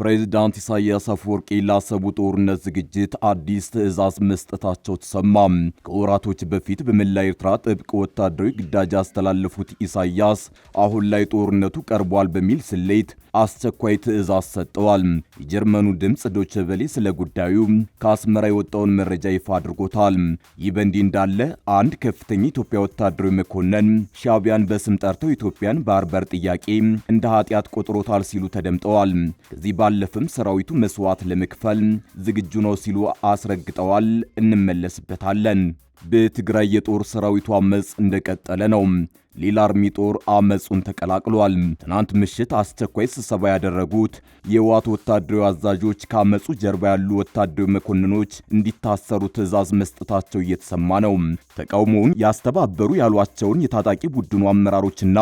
ፕሬዚዳንት ኢሳያስ አፈወርቂ ላሰቡ ጦርነት ዝግጅት አዲስ ትዕዛዝ መስጠታቸው ተሰማ። ከወራቶች በፊት በመላ ኤርትራ ጥብቅ ወታደራዊ ግዳጅ ያስተላለፉት ኢሳያስ አሁን ላይ ጦርነቱ ቀርቧል በሚል ስሌት አስቸኳይ ትዕዛዝ ሰጠዋል። የጀርመኑ ድምፅ ዶችቬሌ ስለ ጉዳዩ ከአስመራ የወጣውን መረጃ ይፋ አድርጎታል። ይህ በእንዲህ እንዳለ አንድ ከፍተኛ ኢትዮጵያ ወታደራዊ መኮንን ሻቢያን በስም ጠርተው ኢትዮጵያን ባህርበር ጥያቄ እንደ ኃጢአት ቆጥሮታል ሲሉ ተደምጠዋል። ከዚህ ባለፍም ሰራዊቱ መስዋዕት ለመክፈል ዝግጁ ነው ሲሉ አስረግጠዋል። እንመለስበታለን። በትግራይ የጦር ሰራዊቱ አመፅ እንደቀጠለ ነው። ሌላ አርሚ ጦር አመፁን ተቀላቅሏል። ትናንት ምሽት አስቸኳይ ስብሰባ ያደረጉት የህወሓት ወታደራዊ አዛዦች ከአመፁ ጀርባ ያሉ ወታደራዊ መኮንኖች እንዲታሰሩ ትዕዛዝ መስጠታቸው እየተሰማ ነው። ተቃውሞውን ያስተባበሩ ያሏቸውን የታጣቂ ቡድኑ አመራሮችና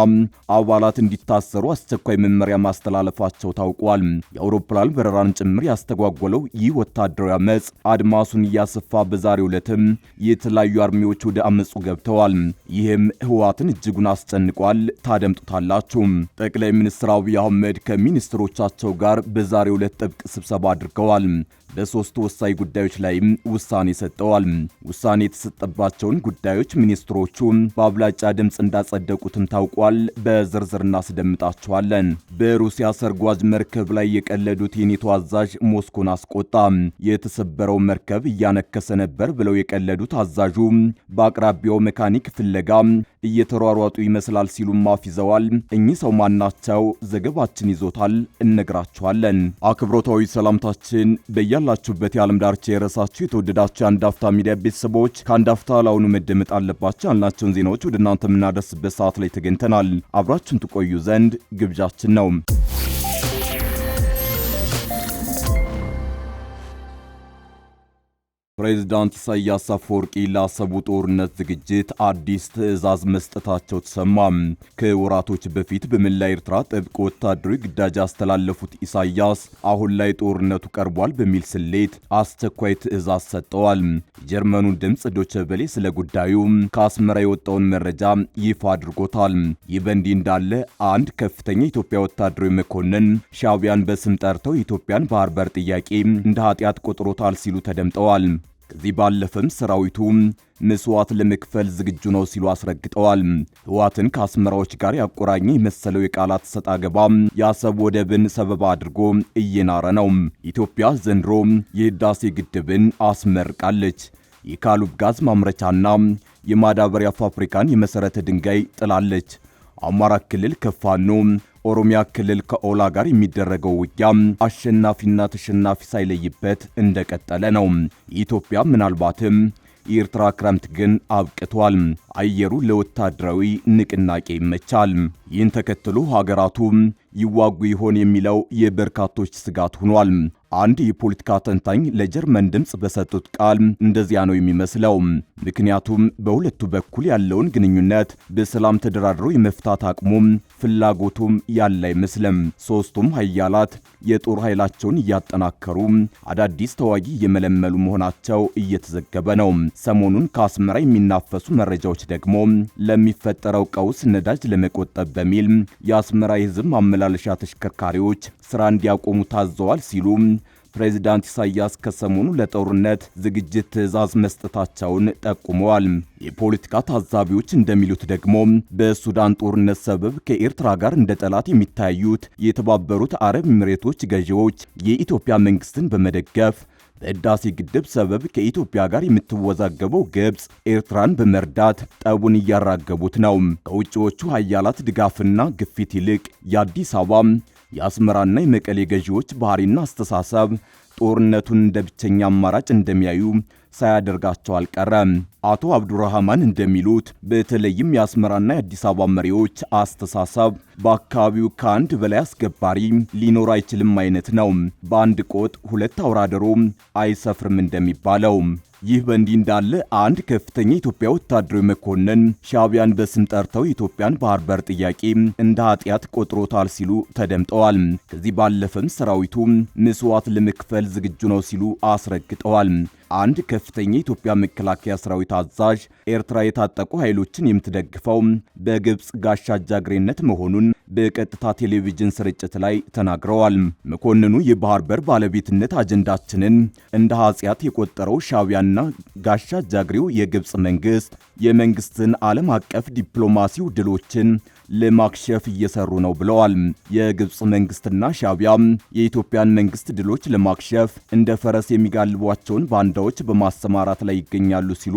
አባላት እንዲታሰሩ አስቸኳይ መመሪያ ማስተላለፋቸው ታውቋል። የአውሮፕላን በረራን ጭምር ያስተጓጎለው ይህ ወታደራዊ አመፅ አድማሱን እያሰፋ በዛሬው ዕለትም የተለ የተለያዩ አርሚዎች ወደ አመፁ ገብተዋል። ይህም ህወሓትን እጅጉን አስጨንቋል። ታደምጡታላችሁ። ጠቅላይ ሚኒስትር አብይ አህመድ ከሚኒስትሮቻቸው ጋር በዛሬው ዕለት ጥብቅ ስብሰባ አድርገዋል። በሶስት ወሳኝ ጉዳዮች ላይም ውሳኔ ሰጥተዋል። ውሳኔ የተሰጠባቸውን ጉዳዮች ሚኒስትሮቹ በአብላጫ ድምፅ እንዳጸደቁትም ታውቋል። በዝርዝር እናስደምጣቸዋለን። በሩሲያ ሰርጓጅ መርከብ ላይ የቀለዱት የኔቶ አዛዥ ሞስኮን አስቆጣ። የተሰበረው መርከብ እያነከሰ ነበር ብለው የቀለዱት አዛዡ በአቅራቢያው መካኒክ ፍለጋ እየተሯሯጡ ይመስላል ሲሉም ይዘዋል። እኚህ ሰው ማናቸው? ዘገባችን ይዞታል፣ እነግራቸዋለን። አክብሮታዊ ሰላምታችን በያ በያላችሁበት የዓለም ዳርቻ የረሳችሁ የተወደዳችሁ አንድ አፍታ ሚዲያ ቤተሰቦች ከአንድ አፍታ መደመጥ አለባቸው ያልናቸውን ዜናዎች ወደ እናንተ የምናደርስበት ሰዓት ላይ ተገኝተናል። አብራችሁን ትቆዩ ዘንድ ግብዣችን ነው። ፕሬዝዳንት ኢሳያስ አፈወርቂ ላሰቡ ጦርነት ዝግጅት አዲስ ትዕዛዝ መስጠታቸው ተሰማ። ከወራቶች በፊት በመላ ኤርትራ ጥብቅ ወታደራዊ ግዳጅ ያስተላለፉት ኢሳያስ አሁን ላይ ጦርነቱ ቀርቧል በሚል ስሌት አስቸኳይ ትዕዛዝ ሰጠዋል። የጀርመኑ ድምፅ ዶቸበሌ ስለ ጉዳዩ ከአስመራ የወጣውን መረጃ ይፋ አድርጎታል። ይህ በእንዲህ እንዳለ አንድ ከፍተኛ ኢትዮጵያ ወታደራዊ መኮንን ሻቢያን በስም ጠርተው የኢትዮጵያን ባህር በር ጥያቄ እንደ ኃጢአት ቆጥሮታል ሲሉ ተደምጠዋል። ከዚህ ባለፈም ሰራዊቱ መስዋዕት ለመክፈል ዝግጁ ነው ሲሉ አስረግጠዋል። ህዋትን ከአስመራዎች ጋር ያቆራኘ የመሰለው የቃላት ሰጣ ገባ የአሰብ ወደብን ሰበብ አድርጎ እየናረ ነው። ኢትዮጵያ ዘንድሮ የህዳሴ ግድብን አስመርቃለች። የካሉብ ጋዝ ማምረቻና የማዳበሪያ ፋብሪካን የመሠረተ ድንጋይ ጥላለች። አማራ ክልል ከፋኖ ኦሮሚያ ክልል ከኦላ ጋር የሚደረገው ውጊያ አሸናፊና ተሸናፊ ሳይለይበት እንደቀጠለ ነው። ኢትዮጵያ ምናልባትም የኤርትራ ክረምት ግን አብቅቷል። አየሩ ለወታደራዊ ንቅናቄ ይመቻል። ይህን ተከትሎ ሀገራቱ ይዋጉ ይሆን የሚለው የበርካቶች ስጋት ሆኗል። አንድ የፖለቲካ ተንታኝ ለጀርመን ድምፅ በሰጡት ቃል እንደዚያ ነው የሚመስለው። ምክንያቱም በሁለቱ በኩል ያለውን ግንኙነት በሰላም ተደራድሮ የመፍታት አቅሙም ፍላጎቱም ያለ አይመስልም። ሶስቱም ሀያላት የጦር ኃይላቸውን እያጠናከሩ አዳዲስ ተዋጊ እየመለመሉ መሆናቸው እየተዘገበ ነው። ሰሞኑን ከአስመራ የሚናፈሱ መረጃዎች ደግሞ ለሚፈጠረው ቀውስ ነዳጅ ለመቆጠብ በሚል የአስመራ የህዝብ ማመላለሻ ተሽከርካሪዎች ስራ እንዲያቆሙ ታዘዋል ሲሉ ፕሬዚዳንት ኢሳያስ ከሰሞኑ ለጦርነት ዝግጅት ትዕዛዝ መስጠታቸውን ጠቁመዋል። የፖለቲካ ታዛቢዎች እንደሚሉት ደግሞ በሱዳን ጦርነት ሰበብ ከኤርትራ ጋር እንደ ጠላት የሚታዩት የተባበሩት አረብ ኤምሬቶች ገዢዎች የኢትዮጵያ መንግስትን በመደገፍ በህዳሴ ግድብ ሰበብ ከኢትዮጵያ ጋር የምትወዛገበው ግብፅ ኤርትራን በመርዳት ጠቡን እያራገቡት ነው። ከውጭዎቹ ሀያላት ድጋፍና ግፊት ይልቅ የአዲስ አበባ የአስመራና የመቀሌ ገዢዎች ባህሪና አስተሳሰብ ጦርነቱን እንደ ብቸኛ አማራጭ እንደሚያዩ ሳያደርጋቸው አልቀረም። አቶ አብዱራህማን እንደሚሉት በተለይም የአስመራና የአዲስ አበባ መሪዎች አስተሳሰብ በአካባቢው ከአንድ በላይ አስገባሪ ሊኖር አይችልም አይነት ነው። በአንድ ቆጥ ሁለት አውራ አይሰፍርም እንደሚባለው። ይህ በእንዲህ እንዳለ አንድ ከፍተኛ የኢትዮጵያ ወታደራዊ መኮንን ሻቢያን በስም ጠርተው የኢትዮጵያን ባህር በር ጥያቄ እንደ ኃጢአት ቆጥሮታል ሲሉ ተደምጠዋል። ከዚህ ባለፈም ሰራዊቱ ምስዋት ለመክፈል ለመቀበል ዝግጁ ነው ሲሉ አስረግጠዋል። አንድ ከፍተኛ የኢትዮጵያ መከላከያ ሰራዊት አዛዥ ኤርትራ የታጠቁ ኃይሎችን የምትደግፈው በግብፅ ጋሻ አጃግሬነት መሆኑን በቀጥታ ቴሌቪዥን ስርጭት ላይ ተናግረዋል። መኮንኑ የባህር በር ባለቤትነት አጀንዳችንን እንደ ኃጢአት የቆጠረው ሻቢያና ጋሻ አጃግሬው የግብፅ መንግስት የመንግስትን ዓለም አቀፍ ዲፕሎማሲ ድሎችን ለማክሸፍ እየሰሩ ነው ብለዋል። የግብፅ መንግስትና ሻቢያ የኢትዮጵያን መንግስት ድሎች ለማክሸፍ እንደ ፈረስ የሚጋልቧቸውን ባንዳ አመራሮች በማሰማራት ላይ ይገኛሉ ሲሉ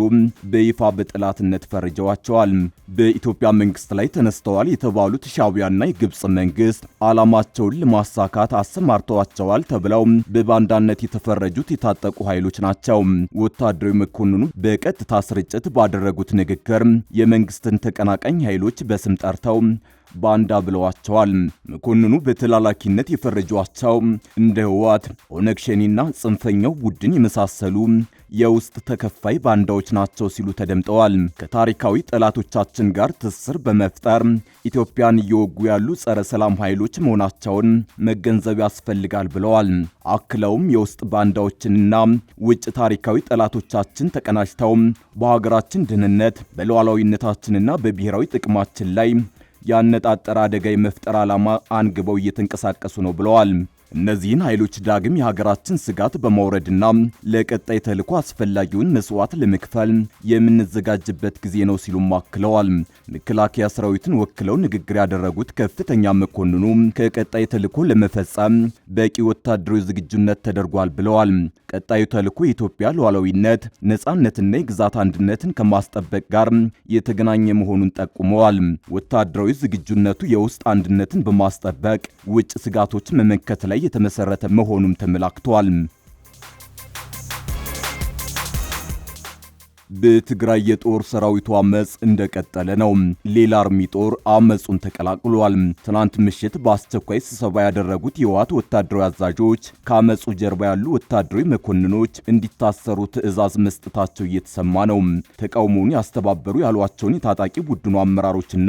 በይፋ በጠላትነት ፈርጀዋቸዋል። በኢትዮጵያ መንግስት ላይ ተነስተዋል የተባሉት ሻቢያና የግብፅ መንግስት ዓላማቸውን ለማሳካት አሰማርተዋቸዋል ተብለው በባንዳነት የተፈረጁት የታጠቁ ኃይሎች ናቸው። ወታደራዊ መኮንኑ በቀጥታ ስርጭት ባደረጉት ንግግር የመንግስትን ተቀናቃኝ ኃይሎች በስም ጠርተው ባንዳ ብለዋቸዋል። መኮንኑ በተላላኪነት የፈረጇቸው እንደ ህወሓት፣ ኦነግ ሸኔና ጽንፈኛው ቡድን የመሳሰሉ የውስጥ ተከፋይ ባንዳዎች ናቸው ሲሉ ተደምጠዋል። ከታሪካዊ ጠላቶቻችን ጋር ትስስር በመፍጠር ኢትዮጵያን እየወጉ ያሉ ጸረ ሰላም ኃይሎች መሆናቸውን መገንዘብ ያስፈልጋል ብለዋል። አክለውም የውስጥ ባንዳዎችንና ውጭ ታሪካዊ ጠላቶቻችን ተቀናጅተው በሀገራችን ደህንነት፣ በሉዓላዊነታችንና በብሔራዊ ጥቅማችን ላይ ያነጣጠረ አደጋ የመፍጠር ዓላማ አንግበው እየተንቀሳቀሱ ነው ብለዋል። እነዚህን ኃይሎች ዳግም የሀገራችን ስጋት በማውረድና ለቀጣይ ተልዕኮ አስፈላጊውን መስዋዕት ለመክፈል የምንዘጋጅበት ጊዜ ነው ሲሉም አክለዋል። መከላከያ ሰራዊትን ወክለው ንግግር ያደረጉት ከፍተኛ መኮንኑ ከቀጣይ ተልዕኮ ለመፈጸም በቂ ወታደራዊ ዝግጁነት ተደርጓል ብለዋል። ቀጣዩ ተልዕኮ የኢትዮጵያ ሉዓላዊነት፣ ነጻነትና የግዛት አንድነትን ከማስጠበቅ ጋር የተገናኘ መሆኑን ጠቁመዋል። ወታደራዊ ዝግጁነቱ የውስጥ አንድነትን በማስጠበቅ ውጭ ስጋቶችን መመከት ላይ ላይ የተመሰረተ መሆኑም ተመላክቷል። በትግራይ የጦር ሰራዊቱ አመፅ እንደቀጠለ ነው። ሌላ አርሚ ጦር አመፁን ተቀላቅሏል። ትናንት ምሽት በአስቸኳይ ስብሰባ ያደረጉት የህወሓት ወታደራዊ አዛዦች ከአመፁ ጀርባ ያሉ ወታደራዊ መኮንኖች እንዲታሰሩ ትዕዛዝ መስጠታቸው እየተሰማ ነው። ተቃውሞውን ያስተባበሩ ያሏቸውን የታጣቂ ቡድኑ አመራሮችና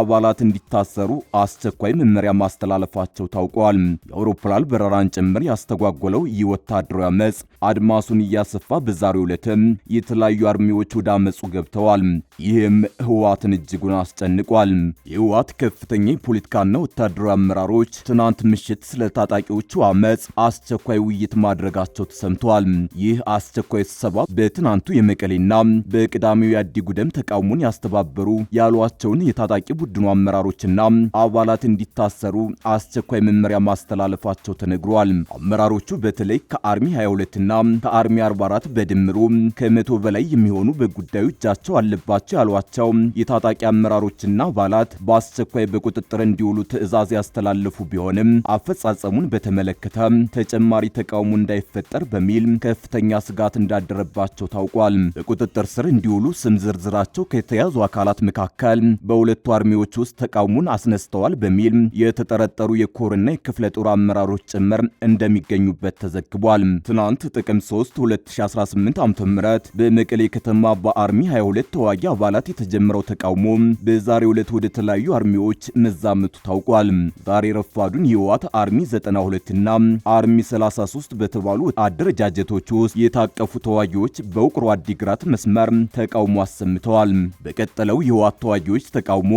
አባላት እንዲታሰሩ አስቸኳይ መመሪያ ማስተላለፋቸው ታውቋል። የአውሮፕላን በረራን ጭምር ያስተጓጎለው ይህ ወታደራዊ አመፅ አድማሱን እያሰፋ በዛሬው ዕለትም የተለያዩ አርሚዎች ወደ አመፁ ገብተዋል። ይህም ህወሓትን እጅጉን አስጨንቋል። የህወሓት ከፍተኛ የፖለቲካና ወታደራዊ አመራሮች ትናንት ምሽት ስለ ታጣቂዎቹ አመፅ አስቸኳይ ውይይት ማድረጋቸው ተሰምተዋል። ይህ አስቸኳይ ስብሰባ በትናንቱ የመቀሌና በቅዳሜው የአዲጉደም ተቃውሞን ያስተባበሩ ያሏቸውን የታጣቂ ቡድኑ አመራሮችና አባላት እንዲታሰሩ አስቸኳይ መመሪያ ማስተላለፋቸው ተነግሯል። አመራሮቹ በተለይ ከአርሚ 22ና ከአርሚ 44 በድምሩ ከመቶ በላይ የሚሆኑ በጉዳዩ እጃቸው አለባቸው ያሏቸው የታጣቂ አመራሮችና አባላት በአስቸኳይ በቁጥጥር እንዲውሉ ትዕዛዝ ያስተላለፉ ቢሆንም አፈጻጸሙን በተመለከተ ተጨማሪ ተቃውሞ እንዳይፈጠር በሚል ከፍተኛ ስጋት እንዳደረባቸው ታውቋል። በቁጥጥር ስር እንዲውሉ ስም ዝርዝራቸው ከተያዙ አካላት መካከል በሁለቱ አርሚዎች ውስጥ ተቃውሞን አስነስተዋል በሚል የተጠረጠሩ የኮርና የክፍለ ጦር አመራሮች ጭምር እንደሚገኙበት ተዘግቧል። ትናንት ጥቅም 3 2018 ዓ.ም በመቀሌ ከተማ በአርሚ 22 ተዋጊ አባላት የተጀመረው ተቃውሞ በዛሬ ዕለት ወደ ተለያዩ አርሚዎች መዛመቱ ታውቋል። ዛሬ ረፋዱን ህወሓት አርሚ 92 እና አርሚ 33 በተባሉ አደረጃጀቶች ውስጥ የታቀፉ ተዋጊዎች በውቅሮ አዲግራት መስመር ተቃውሞ አሰምተዋል። በቀጠለው የህወሓት ተዋጊዎች ተቃውሞ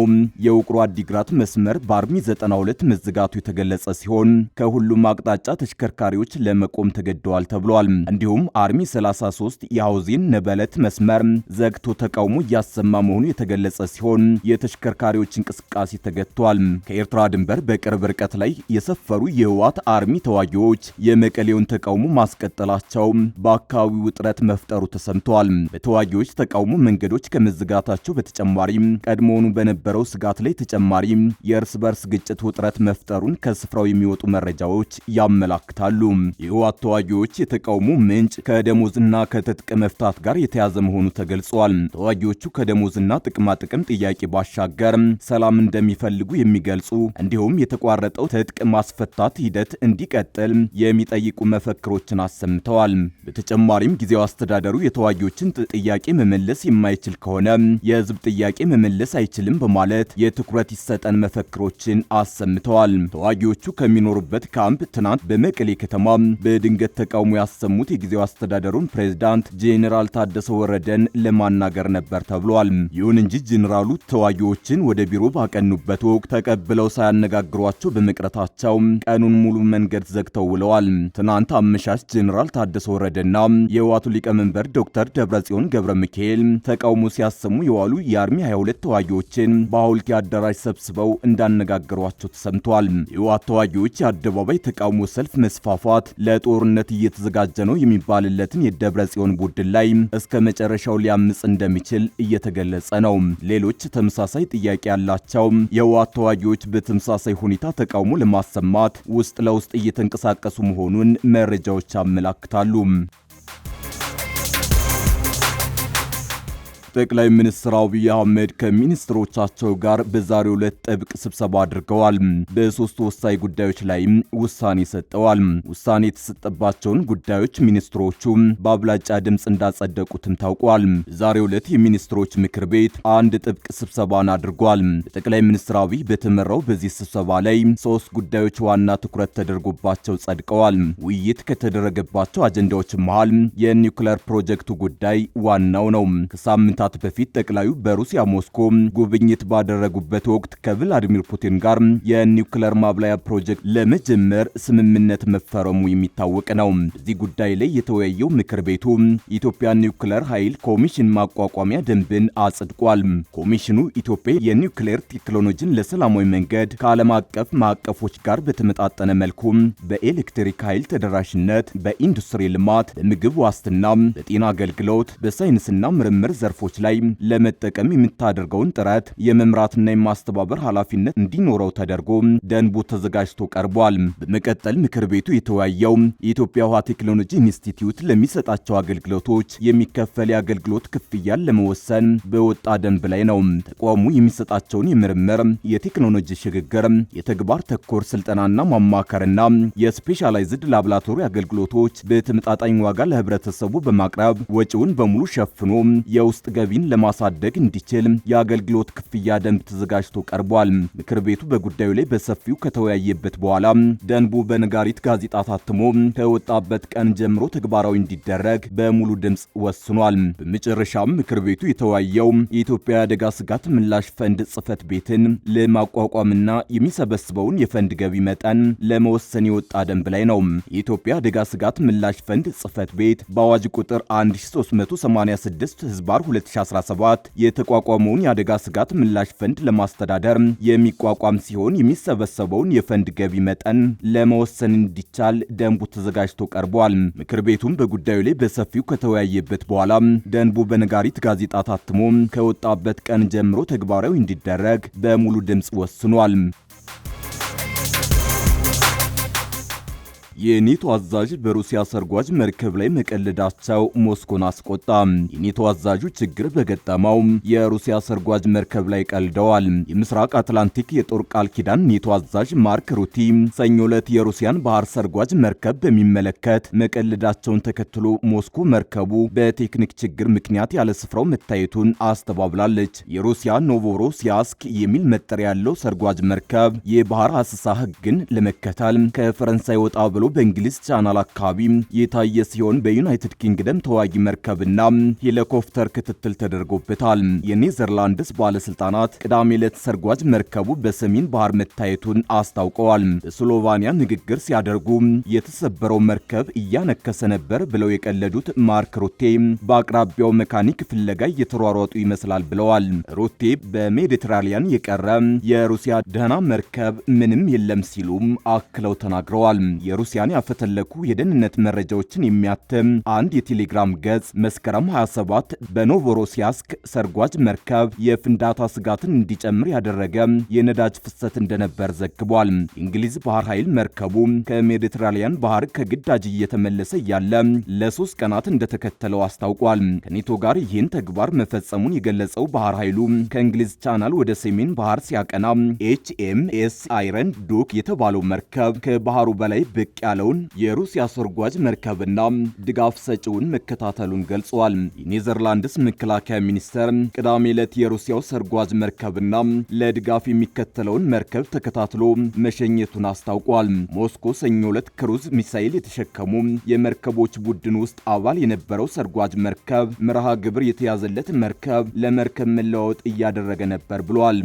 የውቅሮ አዲግራት መስመር በአርሚ 92 መዘጋቱ የተገለጸ ሲሆን ከሁሉም አቅጣጫ ተሽከርካሪዎች ለመቆም ተገደዋል ተብሏል። እንዲሁም አርሚ 33 የሐውዜን ነበለት መስመር ዘግቶ ተቃውሞ እያሰማ መሆኑ የተገለጸ ሲሆን የተሽከርካሪዎች እንቅስቃሴ ተገድቷል። ከኤርትራ ድንበር በቅርብ ርቀት ላይ የሰፈሩ የህወሓት አርሚ ተዋጊዎች የመቀሌውን ተቃውሞ ማስቀጠላቸው በአካባቢው ውጥረት መፍጠሩ ተሰምቷል። በተዋጊዎች ተቃውሞ መንገዶች ከመዘጋታቸው በተጨማሪ ቀድሞውኑ በነበረው ስጋት ላይ ተጨማሪ የእርስ በርስ ግጭት ውጥረት መፍጠሩን ከስፍራው የሚወጡ መረጃዎች ያመላክታሉ። የህወሓት ተዋጊዎች የተቃውሞ ምንጭ ከደሞዝና ከትጥቅ መፍታት ጋር የተያዘ የያዘ መሆኑ ተገልጿል። ተዋጊዎቹ ከደሞዝና ጥቅማጥቅም ጥያቄ ባሻገር ሰላም እንደሚፈልጉ የሚገልጹ እንዲሁም የተቋረጠው ትጥቅ ማስፈታት ሂደት እንዲቀጥል የሚጠይቁ መፈክሮችን አሰምተዋል። በተጨማሪም ጊዜው አስተዳደሩ የተዋጊዎችን ጥያቄ መመለስ የማይችል ከሆነ የህዝብ ጥያቄ መመለስ አይችልም በማለት የትኩረት ይሰጠን መፈክሮችን አሰምተዋል። ተዋጊዎቹ ከሚኖሩበት ካምፕ ትናንት በመቀሌ ከተማ በድንገት ተቃውሞ ያሰሙት የጊዜው አስተዳደሩን ፕሬዝዳንት ጄኔራል ታደሰ ወረደን ለማናገር ነበር ተብሏል። ይሁን እንጂ ጄኔራሉ ተዋጊዎችን ወደ ቢሮ ባቀኑበት ወቅት ተቀብለው ሳያነጋግሯቸው በመቅረታቸው ቀኑን ሙሉ መንገድ ዘግተው ውለዋል። ትናንት አመሻሽ ጄኔራል ታደሰ ወረደና የህዋቱ ሊቀመንበር ዶክተር ደብረጽዮን ገብረ ሚካኤል ተቃውሞ ሲያሰሙ የዋሉ የአርሚ 22 ተዋጊዎችን በአውልቂ አዳራሽ ሰብስበው እንዳነጋገሯቸው ተሰምቷል። የህዋት ተዋጊዎች የአደባባይ ተቃውሞ ሰልፍ መስፋፋት ለጦርነት እየተዘጋጀ ነው የሚባልለትን የደብረጽዮን ቡድን ላይ እስከ እስከ መጨረሻው ሊያምጽ እንደሚችል እየተገለጸ ነው። ሌሎች ተመሳሳይ ጥያቄ ያላቸው የህወሓት ተዋጊዎች በተመሳሳይ ሁኔታ ተቃውሞ ለማሰማት ውስጥ ለውስጥ እየተንቀሳቀሱ መሆኑን መረጃዎች አመላክታሉ። ጠቅላይ ሚኒስትር አብይ አህመድ ከሚኒስትሮቻቸው ጋር በዛሬው ዕለት ጥብቅ ስብሰባ አድርገዋል። በሶስት ወሳኝ ጉዳዮች ላይም ውሳኔ ሰጠዋል። ውሳኔ የተሰጠባቸውን ጉዳዮች ሚኒስትሮቹ በአብላጫ ድምፅ እንዳጸደቁትም ታውቋል። በዛሬው ዕለት የሚኒስትሮች ምክር ቤት አንድ ጥብቅ ስብሰባን አድርጓል። ጠቅላይ ሚኒስትር አብይ በተመራው በዚህ ስብሰባ ላይ ሶስት ጉዳዮች ዋና ትኩረት ተደርጎባቸው ጸድቀዋል። ውይይት ከተደረገባቸው አጀንዳዎች መሃል የኒውክለር ፕሮጀክቱ ጉዳይ ዋናው ነው። ከሳምንታት ከወራት በፊት ጠቅላዩ በሩሲያ ሞስኮ ጉብኝት ባደረጉበት ወቅት ከቭላዲሚር ፑቲን ጋር የኒውክለር ማብላያ ፕሮጀክት ለመጀመር ስምምነት መፈረሙ የሚታወቅ ነው። በዚህ ጉዳይ ላይ የተወያየው ምክር ቤቱ የኢትዮጵያ ኒውክለር ኃይል ኮሚሽን ማቋቋሚያ ደንብን አጽድቋል። ኮሚሽኑ ኢትዮጵያ የኒውክሌር ቴክኖሎጂን ለሰላማዊ መንገድ ከዓለም አቀፍ ማዕቀፎች ጋር በተመጣጠነ መልኩ በኤሌክትሪክ ኃይል ተደራሽነት፣ በኢንዱስትሪ ልማት፣ በምግብ ዋስትና፣ በጤና አገልግሎት፣ በሳይንስና ምርምር ዘርፎች ላይ ለመጠቀም የምታደርገውን ጥረት የመምራትና የማስተባበር ኃላፊነት እንዲኖረው ተደርጎ ደንቡ ተዘጋጅቶ ቀርቧል። በመቀጠል ምክር ቤቱ የተወያየው የኢትዮጵያ ውሃ ቴክኖሎጂ ኢንስቲትዩት ለሚሰጣቸው አገልግሎቶች የሚከፈል የአገልግሎት ክፍያን ለመወሰን በወጣ ደንብ ላይ ነው። ተቋሙ የሚሰጣቸውን የምርምር፣ የቴክኖሎጂ ሽግግር፣ የተግባር ተኮር ስልጠናና ማማከርና የስፔሻላይዝድ ላብራቶሪ አገልግሎቶች በተመጣጣኝ ዋጋ ለህብረተሰቡ በማቅረብ ወጪውን በሙሉ ሸፍኖ የውስጥ ገ ገቢን ለማሳደግ እንዲችል የአገልግሎት ክፍያ ደንብ ተዘጋጅቶ ቀርቧል። ምክር ቤቱ በጉዳዩ ላይ በሰፊው ከተወያየበት በኋላ ደንቡ በነጋሪት ጋዜጣ ታትሞ ከወጣበት ቀን ጀምሮ ተግባራዊ እንዲደረግ በሙሉ ድምፅ ወስኗል። በመጨረሻም ምክር ቤቱ የተወያየው የኢትዮጵያ አደጋ ስጋት ምላሽ ፈንድ ጽህፈት ቤትን ለማቋቋምና የሚሰበስበውን የፈንድ ገቢ መጠን ለመወሰን የወጣ ደንብ ላይ ነው። የኢትዮጵያ አደጋ ስጋት ምላሽ ፈንድ ጽህፈት ቤት በአዋጅ ቁጥር 1386 ህዝባር 2017 የተቋቋመውን የአደጋ ስጋት ምላሽ ፈንድ ለማስተዳደር የሚቋቋም ሲሆን የሚሰበሰበውን የፈንድ ገቢ መጠን ለመወሰን እንዲቻል ደንቡ ተዘጋጅቶ ቀርቧል። ምክር ቤቱም በጉዳዩ ላይ በሰፊው ከተወያየበት በኋላ ደንቡ በነጋሪት ጋዜጣ ታትሞ ከወጣበት ቀን ጀምሮ ተግባራዊ እንዲደረግ በሙሉ ድምፅ ወስኗል። የኔቶ አዛዥ በሩሲያ ሰርጓጅ መርከብ ላይ መቀለዳቸው ሞስኮን አስቆጣ። የኔቶ አዛዡ ችግር በገጠመው የሩሲያ ሰርጓጅ መርከብ ላይ ቀልደዋል። የምስራቅ አትላንቲክ የጦር ቃል ኪዳን ኔቶ አዛዥ ማርክ ሩቲ ሰኞ ዕለት የሩሲያን ባህር ሰርጓጅ መርከብ በሚመለከት መቀለዳቸውን ተከትሎ ሞስኮ መርከቡ በቴክኒክ ችግር ምክንያት ያለ ስፍራው መታየቱን አስተባብላለች። የሩሲያ ኖቮሮሲያስክ የሚል መጠሪያ ያለው ሰርጓጅ መርከብ የባህር አሰሳ ሕግን ለመከተል ከፈረንሳይ ወጣ ብሎ በእንግሊዝ ቻናል አካባቢ የታየ ሲሆን በዩናይትድ ኪንግደም ተዋጊ መርከብና ሄሊኮፕተር ክትትል ተደርጎበታል። የኔዘርላንድስ ባለስልጣናት ቅዳሜ ዕለት ሰርጓጅ መርከቡ በሰሜን ባህር መታየቱን አስታውቀዋል። በስሎቫኒያ ንግግር ሲያደርጉ የተሰበረው መርከብ እያነከሰ ነበር ብለው የቀለዱት ማርክ ሩቴ በአቅራቢያው መካኒክ ፍለጋ እየተሯሯጡ ይመስላል ብለዋል። ሩቴ በሜዲትራሊያን የቀረ የሩሲያ ደህና መርከብ ምንም የለም ሲሉም አክለው ተናግረዋል። ክርስቲያን ያፈተለኩ የደህንነት መረጃዎችን የሚያትም አንድ የቴሌግራም ገጽ መስከረም 27 በኖቮሮሲያስክ ሰርጓጅ መርከብ የፍንዳታ ስጋትን እንዲጨምር ያደረገ የነዳጅ ፍሰት እንደነበር ዘግቧል። እንግሊዝ ባህር ኃይል መርከቡ ከሜዲትራሊያን ባህር ከግዳጅ እየተመለሰ እያለ ለሶስት ቀናት እንደተከተለው አስታውቋል። ከኔቶ ጋር ይህን ተግባር መፈጸሙን የገለጸው ባህር ኃይሉ ከእንግሊዝ ቻናል ወደ ሰሜን ባህር ሲያቀና ኤችኤምኤስ አይረን ዱክ የተባለው መርከብ ከባህሩ በላይ ብቅ ያለውን የሩሲያ ሰርጓጅ መርከብና ድጋፍ ሰጪውን መከታተሉን ገልጿል። የኔዘርላንድስ መከላከያ ሚኒስተር ቅዳሜ ዕለት የሩሲያው ሰርጓጅ መርከብና ለድጋፍ የሚከተለውን መርከብ ተከታትሎ መሸኘቱን አስታውቋል። ሞስኮ ሰኞ ዕለት ክሩዝ ሚሳይል የተሸከሙ የመርከቦች ቡድን ውስጥ አባል የነበረው ሰርጓጅ መርከብ መርሃ ግብር የተያዘለት መርከብ ለመርከብ መለዋወጥ እያደረገ ነበር ብሏል።